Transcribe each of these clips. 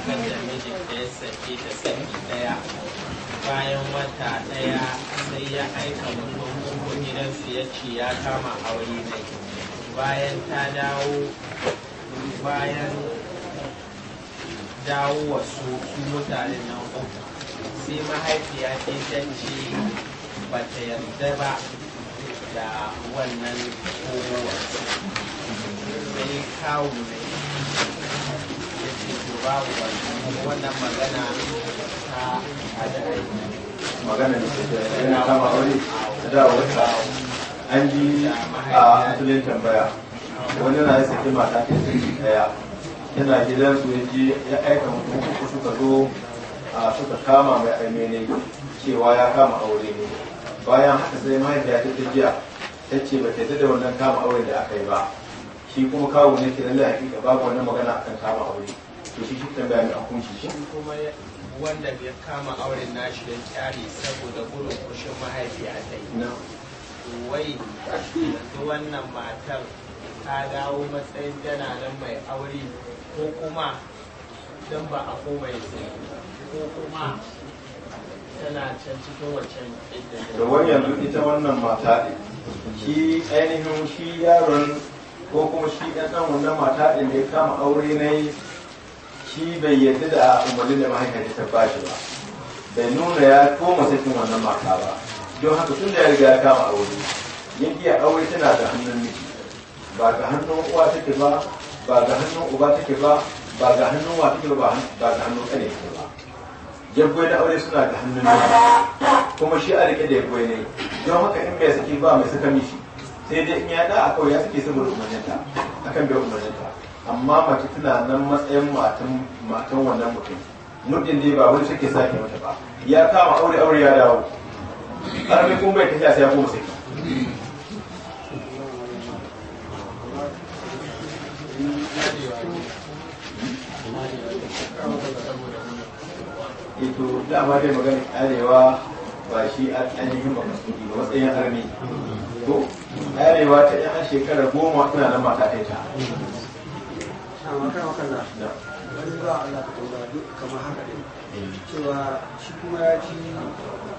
matar da ya sake da saki daya bayan wata daya sai ya aika mutum kuma gidansu ya ce ya kama aure ne bayan ta dawo bayan dawo wasu su mutanen nan uku sai mahaifiya ce canci ba ta yarda ba da wannan kowa sai kawo mai. magana kama aure an ji a asalin tambaya wani na yasa ke mata ta yi daya yana gidan su ya ji ya aika mutum suka zo a suka kama mai aimene cewa ya kama aure ne bayan haka sai mahaifiya ta jiya ta ce ba ta da wannan kama aure da aka yi ba shi kuma kawo ne ke lallai hakika babu wannan magana akan kama aure to shi shi kuma wanda ya kama auren nashi don kyari saboda gudun kushin mahaifi a na wai yanzu wannan matar ta dawo matsayin tana nan mai aure ko kuma don ba a koma yanzu ko kuma tana can cikin wancan da wani yanzu ita wannan mata shi ainihin shi yaron ko kuma shi ɗan ɗan wannan mata ɗin da ya kama aure na yi shi bai yarda da umarni da mahaifiyarta ta bashi ba bai nuna ya koma sakin wannan mata ba don haka tun da ya riga ya kama aure yanki a aure tana da hannun miji ba ga hannun uwa take ba ba ga hannun uba take ba ba ga hannun wa take ba ba ga hannun kane take ba jaggoi da aure suna da hannun miji kuma shi a rike da jaggoi ne don haka in bai saki ba mai saka mishi sai dai in ya da a kawai ya saki saboda umarninta akan bai umarninta amma mace tana nan matsayin matan matan wannan mutum muddin dai ba wani shake sake mata ba ya kama aure aure ya dawo karfi kun bai tafiya sai ya koma sai ito eh dama dai magana arewa ba shi ainihin ba masudi ba matsayin armi ko arewa ta yan shekara goma tana nan mata ta amma kan wakan na wani ba Allah ka tauba duk kama haka din eh. cewa shi kuma ya ci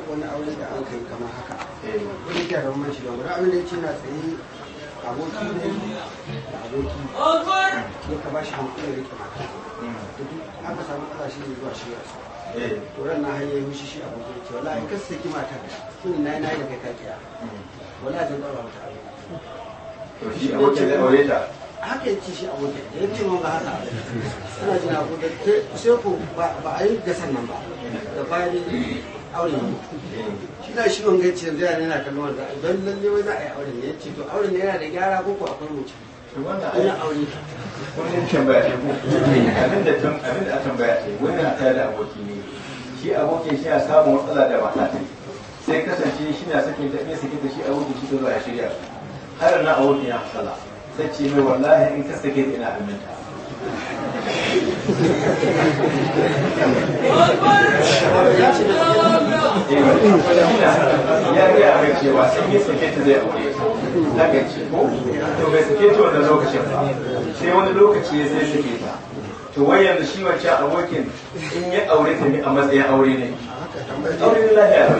wani aure da an kai kama haka eh. wani ke da mamanci don wani abin da ya ce na tsaye aboki ne da aboki ne ka ba shi hankali rike mata hmm. aka samu kasashe ne zuwa shi yasu eh. to ran na hanyar yi mishi shi aboki ne cewa la'ayin kasa saki mata sun na yi na yi da kai ta kiya hmm. wala zai ba wata aure shi abokin zai aure ta haka ya ce shi a wajen da ya ce mun ga haka suna jin abu da sai ku ba a yi gasan nan ba da bayan aure ne shi na shi wanga ce yanzu yana yana kallon wanda don lalle wai za a yi aure ne ya ce to aure ne yana da gyara ko ko akwai mutum wannan aure yi tambaya ce abinda da a tambaya ce wannan a tare da aboki ne shi abokin shi ya samu matsala da mata ta sai kasance shi na sakin ta ne sakin ta shi abokin shi ta zuwa ya shirya har na abokin ya hasala sai ce mai wallahi in ka sake ina aminta ya sun yi sake ta zai aure ta ga ce ko to bai sake ta wannan lokacin ba sai wani lokaci ya zai sake ta to wai yanzu shi abokin in ya aure ta ne a matsayin aure ne aure ne aure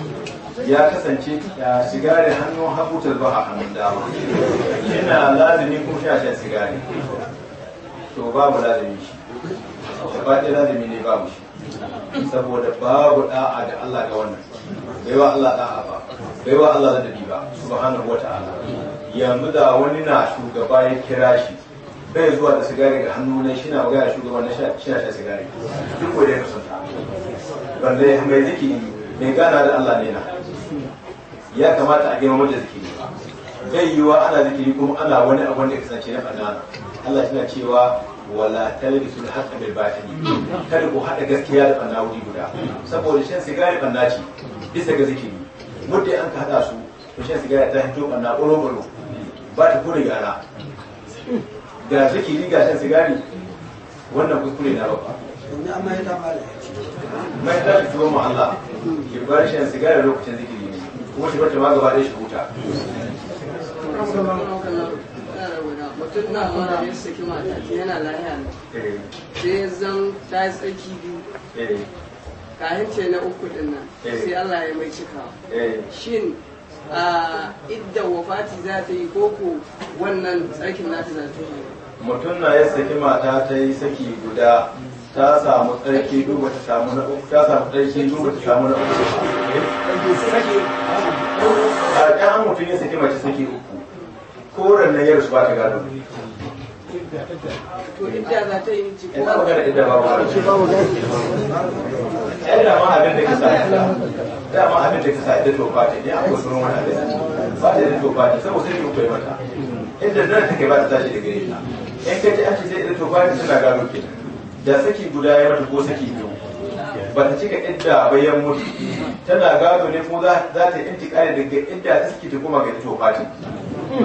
ya kasance sigari hannun hagu ba a hannun dama ina lazimi ko shashen sigari to babu lazimi shi faɗi lazimi ne babu shi saboda babu da'a da Allah ga wannan bai wa Allah da'a ba bai wa Allah ladabi ba subhanahu wa ta'ala yanzu da wani na shugaba ya kira shi bai zuwa da sigari ga hannu ne shi na magana shugaban na sha sigari duk wanda ya kasanta balle mai zikiri mai gana da Allah ne na ya kamata a girma da zikiri zai yi wa ana zikiri kuma ana wani abu da kasance na fadana Allah yana cewa wala talbisu al-haqqa bil batil kada ku hada gaskiya da banna wuri guda saboda shan sigari banna ce bisa ga zikiri muddai an ka hada su ku shan sigari ta hito banna ɓoro-ɓoro ba ta kuri gara ga zikiri ga shan sigari wannan kuskure na babba mai ta fi tuwon Allah ki bar shan sigara lokacin zikiri ne kuma ki barta ma gaba ɗaya shi huta mutum na mara ya saki mata yana lahiya ne sai zan ta yi tsaki biyu kayan ce na uku din nan sai Allah ya mai cika shin a idda wafati za ta yi koko wannan tsakin nata za ta yi mutum na ya saki mata ta yi saki guda ta samu tsarki duba ta samu na uku ta samu tsarki duba ta samu na uku a kan mutum ya saki mace saki uku na ranar yarsu ba ta gado ina magana na ba ba ɗan dama abin da ka sa idda dama abin da ka sa ba ta ne an ko sunan wani abin ba ba sai ta mata inda na take ba ta tashi daga ita in ka ji an ce sai idda to ba gado kenan da saki guda ya mata ko saki biyu ba ta cika idda bayan mutu tana gado ne ko za ta yi intikali daga idda ta saki ta kuma ga ito fati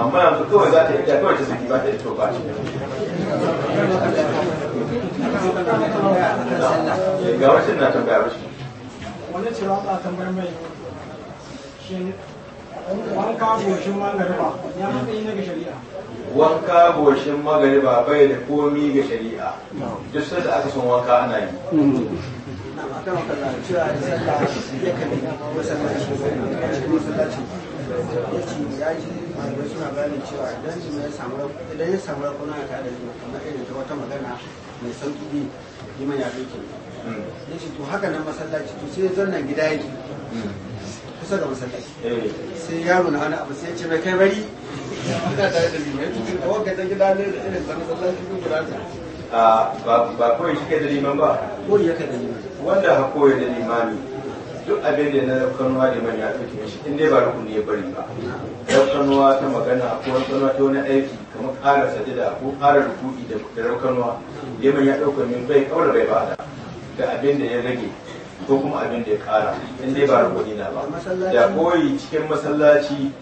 amma yanzu kawai za ta yi idda kawai ta saki ba ta ito fati ga wacce na tambaya wacce wani cewa ba tambar mai shin wanka goshin magariba ya matsayi na ga shari'a wanka goshin magariba bai da komi ga shari'a duk sai da aka son wanka ana yi cewa idan ya a wata magana mai sauki ne jima ya ke hmm. ya to haka nan masallaci to sai ya gida yake hmm. kusa da masallaci eh. sai yaro na wani abu sai ce mai kai bari ina tare da liman a wanka ta gida ne da irin zama masallaci ko guda ta ba kawai shi kai da liman ba ko ya kai da liman wanda ha koyi da limani duk abin da na rafkanuwa da man ya fito shi in dai ba rukuni ya bari ba rafkanuwa ta magana ko rafkanuwa ta wani aiki kamar ƙara sajida ko ƙara rukudi da da man ya ɗauka min bai ƙaura bai ba da abin da ya rage ko kuma abin da ya kara in dai ba rukuni na ba ya koyi cikin masallaci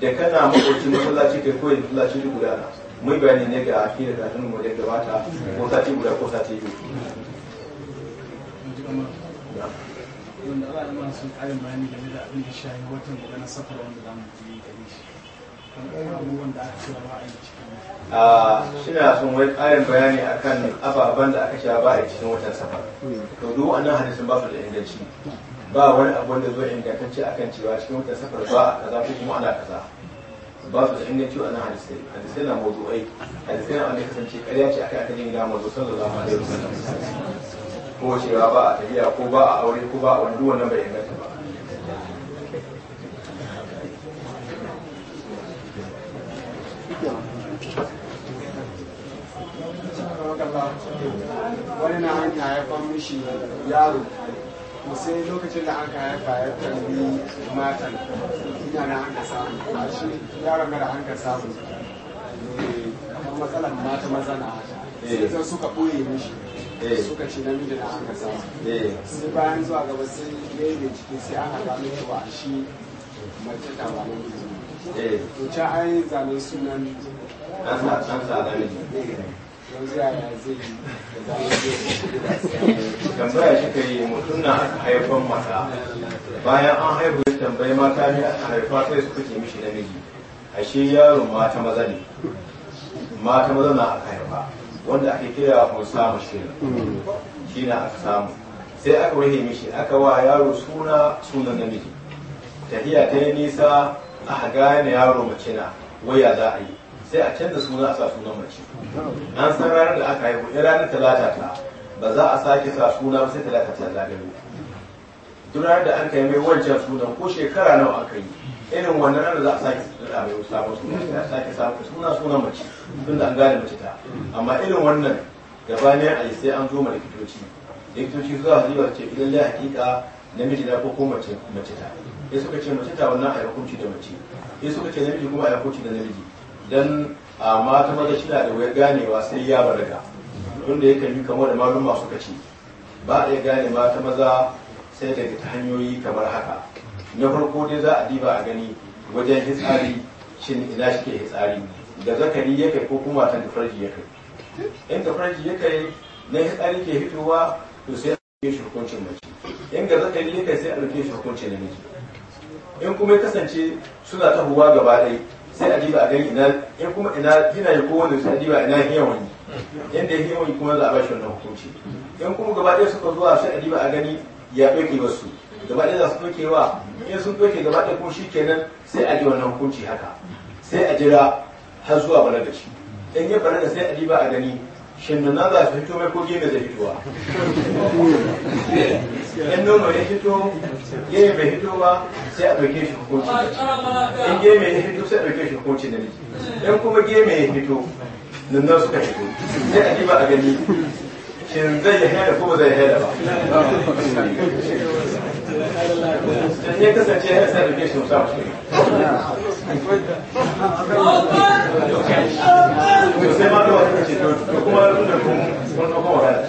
da kana makoci masallaci kai koyi masallaci duk guda na mun bayani ne ga akira da hannun mu da gabata ko sati guda ko sati biyu wanda ba da masu ƙarin bayani game da abin da shahi watan da na safar wanda za mu ji da shi a shina sun wai ƙarin bayani akan ababen da aka sha ba a cikin watan safar to duk wannan hadisin ba su da inganci ba wani abu da zo ingantacce akan cewa cikin watan safar ba a kaza ko kuma ana kaza ba su da inganci wannan hadisai hadisai na mawdu'ai hadisai na wanda kasance ƙarya ce akan akan yin damu zo sallallahu da wasallam ko cewa ba a tafiya ko ba a aure ko ba a wani duk wannan bai inganta ba wani na an haifan mishi yaro to sai lokacin da an haifa ya tambi matan ina na an ka samu a shi yaron da an ka samu eh, kamar matsalar mata maza na haka sai eh. suka ɓoye mishi eh. suka ce namiji na an ka samu sai bayan zuwa gaba sai ya yi bincike sai an haɗa mai wa shi mace ta ba namiji to can an yi zanen sunan ɗan zanen tambaya shi ka yi mutum na aka haifan mata bayan an haihu ya tambayi mata ne aka haifa sai suka kuke mishi namiji ashe yaron mata maza ne mata maza na aka haifa wanda ake kira hausa mashirin shi na aka samu sai aka wahe mishi aka wa yaro suna sunan namiji tafiya ta yi nisa aka gane yaro mace na waya za a yi sai a canza suna a sa sunan mace an san ranar da aka haihu ya ranar talata ta ba za a sake sa suna ba sai talata ta zagayo duk ranar da an kai mai wancan sunan ko shekara nawa aka yi irin wannan ranar za a sake sa mai sabon suna sai a sake sa suna sunan mace da an gane mace ta amma irin wannan gabanin ayi sai an zo ma likitoci likitoci zuwa zuwa ce idan lai hakika namiji na ko mace ta ya suka ce mace ta wannan a hukunci da mace ya suka ce namiji kuma a hukunci da namiji dan ah, mata maza shida da wayar ganewa sai ya balaga inda ya kan yi kamar da malum masu kaci ba a iya gane mata maza sai daga ta hanyoyi kamar haka na farko dai za a diba a gani wajen hitsari shin ina shi ke hitsari da zakari ya kai ko kuma ta da farji ya kai in da farji ya kai na hitsari ke hitowa to sai a ɗauke shi hukuncin mace in ga zakari ya kai sai a ɗauke shi hukuncin namiji in kuma ya kasance suna tahowa gaba ɗaya sai a diba a gani ina ya kuma ina gina ya kowane sai a diba ina hiyan wani yadda ya hiyan wani kuma za a bashi wannan hukunci yan kuma gaba ɗaya suka zuwa sai a diba a gani ya ɗauke wasu gaba ɗaya za su ɗauke wa in sun ɗauke gaba ɗaya kuma shi kenan sai a ji wannan hukunci haka sai a jira har zuwa da shi in ya da sai a diba a gani shin da za su hito mai kogi mai zai fitowa in nono ya hito fito gemi bai hito ba sai a ɗauke shi hukunci in gemi ya hito sai a ɗauke shi hukunci na miji in kuma gemi ya hito nan suka hito. sai a ba a gani shin zai ya haila ko ba zai haila ba in ya kasance haila sai a ɗauke shi musamman sai ma da wata ce to kuma da kun kun ɗauka wahala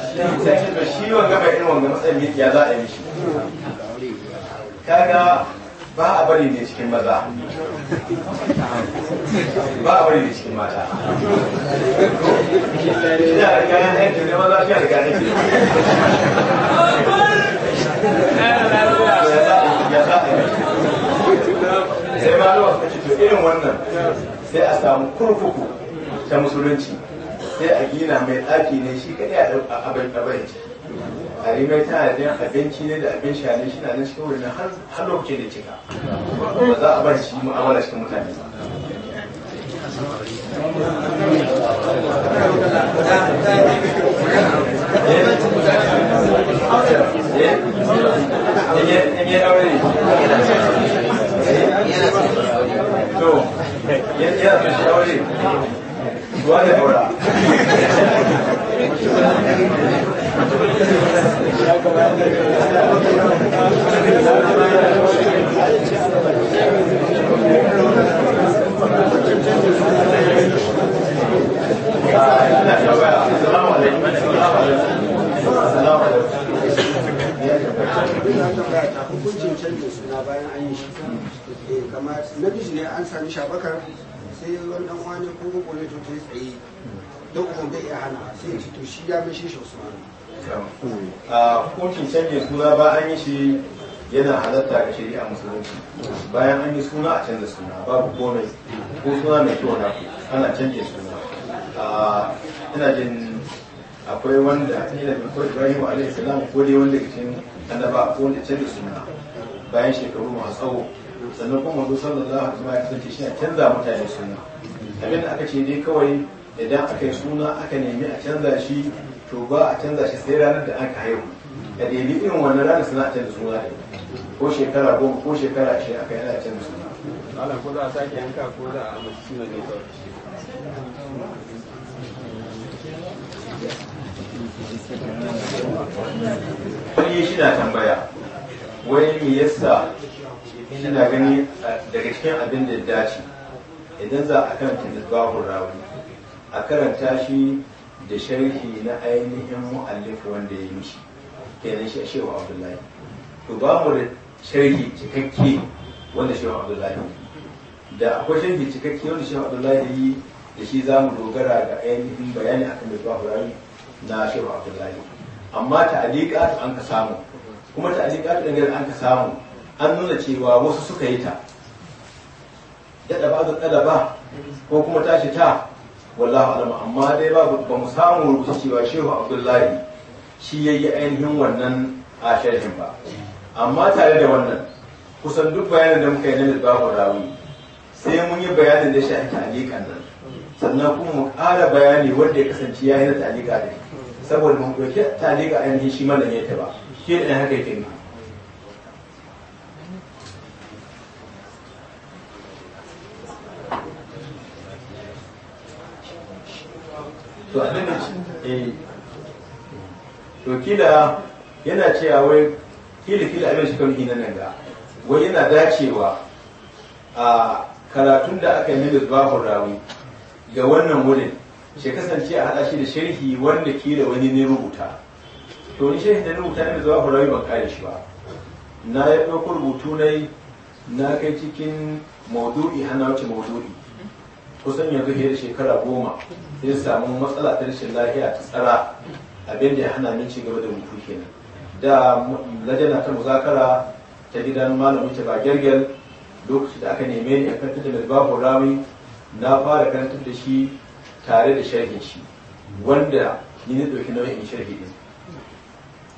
sai ce to shi wanga mai irin wanga matsayin yake za kaga ba a bari ne cikin maza ba a bari ne cikin mata ina da kayan aiki ne maza fiye da kayan aiki ya za a yi sai malama suka ce to irin wannan sai a samu kurkuku ta musulunci sai a gina mai ɗaki ne shi kaɗai a abin ɗabayin a yi mai tana da abinci ne da abin sha ne shi na nan cikin wurin har lokacin da cika ba za a bar shi mu'amala cikin mutane hukuncin canza suna bayan an yi shi eh, kamar biyu ne an sami shabakar sai wani dan wani ko ko ne to ta tsaye don uban bai iya hana sai ya ci to shi ya mai shi Usman a hukuncin canjin suna ba an yi shi yana halatta ga shari'a musulunci bayan an yi suna a canza suna babu komai ko suna mai kyau na ana canza suna ina jin akwai wanda ni da ko Ibrahim alaihi salam ko dai wanda cin annaba ko wanda canza suna bayan shekaru masu tsawo sannan kuma manzo za a wasallam ya kasance shi canza mutane suna abin da aka ce dai kawai idan aka yi suna aka nemi a canza shi to ba a canza shi sai ranar da aka haihu da daidai irin wannan ranar suna a canza suna da ko shekara goma ko shekara ashirin aka yana a canza suna. ko za a sake yanka ko za a amince suna ne kawai. wani shi na tambaya wani me yasa na gani daga cikin abin da ya dace idan za a karanta misbahun rawi a karanta shi da sharhi na ainihin mu'allifu wanda ya yi shi kenan shi a shehu abdullahi to ba mu da sharhi cikakke wanda shehu abdullahi da akwai sharhi cikakke wanda shehu abdullahi yi da shi za mu dogara ga ainihin bayani akan misbahun rawi na shehu abdullahi amma ta an ka samu kuma ta da an ka samu an nuna cewa wasu suka yi ta yadda ba da ba ko kuma tashi ta wallahu alama amma dai ba mu samu rubuta cewa shehu abdullahi shi ya yi ainihin wannan a sharhin ba amma tare da wannan kusan duk bayanin da muka yi na misbahun rawi sai mun yi bayanin da shahin ta'alikan nan sannan kuma mu ƙara bayani wanda ya kasance ya yi na ta'alika da saboda mun doke tare ga ainihin shi mallan yake ba shi da haka yake ne to abin da eh to kila yana cewa wai kila kila abin shi kan hinan nan ga wai yana dacewa a karatun da aka yi milis bahun rawi ga wannan wurin shi kasance a haɗa shi da sharhi wanda ke da wani ne rubuta to ni sharhi da rubuta ne zuwa hurawi ban kare shi ba na ya ɗauko rubutu na na kai cikin maudu'i hana wuce maudu'i kusan yanzu fiye da shekara goma sai samu matsala ta rashin lafiya ta tsara abin da ya hana ni ci gaba da rubutu kenan da lajana ta muzakara ta gidan malamin ta ba gergel lokacin da aka neme ni a kan tattalin babu rami na fara karantar da shi tare da sharhin shi wanda ni ne ɗauki nauyin sharhi din.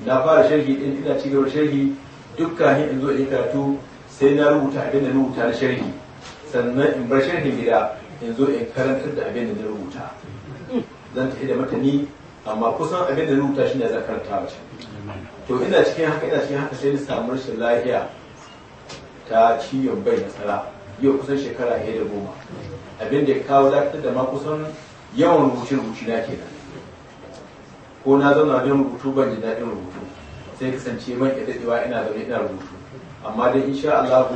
na fara sharhi din, ina ci gaba sharhi dukkan in zo in karatu sai na rubuta abin da na rubuta na sharhi sannan in bar sharhin gida in zo in karantar da abin da na rubuta zan tafi da matani amma kusan abin da na rubuta shi ne za karanta mace to ina cikin haka ina cikin haka sai na samu rashin lafiya ta ciwon bai nasara yau kusan shekara fiye da goma abin da ya kawo dakatar da ma kusan yawan rubuce rubuce na nan ko na zauna wajen rubutu ban ji daɗin rubutu sai kasance man ya daɗewa ina da ina rubutu amma dai insha Allah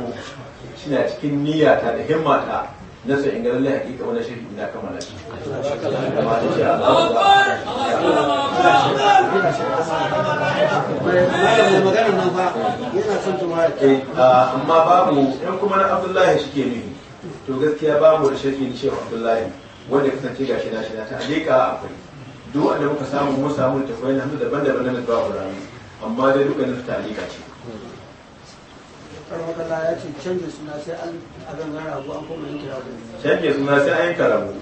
shina cikin niyyata da himmata na so in ga lallai hakika wannan shirki ina kammala shi amma eh, babu ɗan kuma na Abdullahi shi ke nuhi to gaskiya babu da shirki cewa Abdullahi wanda ya kasance gashi na shida ta alika akwai duk wanda muka samu mun samu tafai na hannu daban-daban na ba amma dai duka nufi ta alika ce canje suna sai an abin gara rabu an kuma yanke rabu canje suna sai an yanka rabu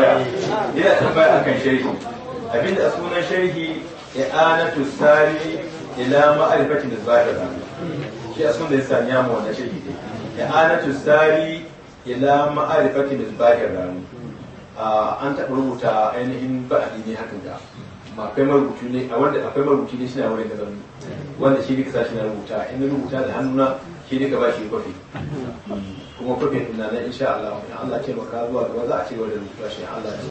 da yana tambaya akan sharhi abinda a sunan sharhi i'anatu sari ila ma'rifati nisbata shi a sunan da yasa ya mu wannan sharhi i'anatu sari ila ma'rifati nisbata rani an taɓa rubuta ainihin ba'adi ne hakan da akwai marubutu ne a wanda akwai marubuci ne shina wurin da zan wanda shi ne kasa shi na rubuta in rubuta da hannuna shi ne ka ba shi kwafi kuma kofi na na insha Allah in Allah ce maka zuwa gaba za a ce wanda rubuta shi Allah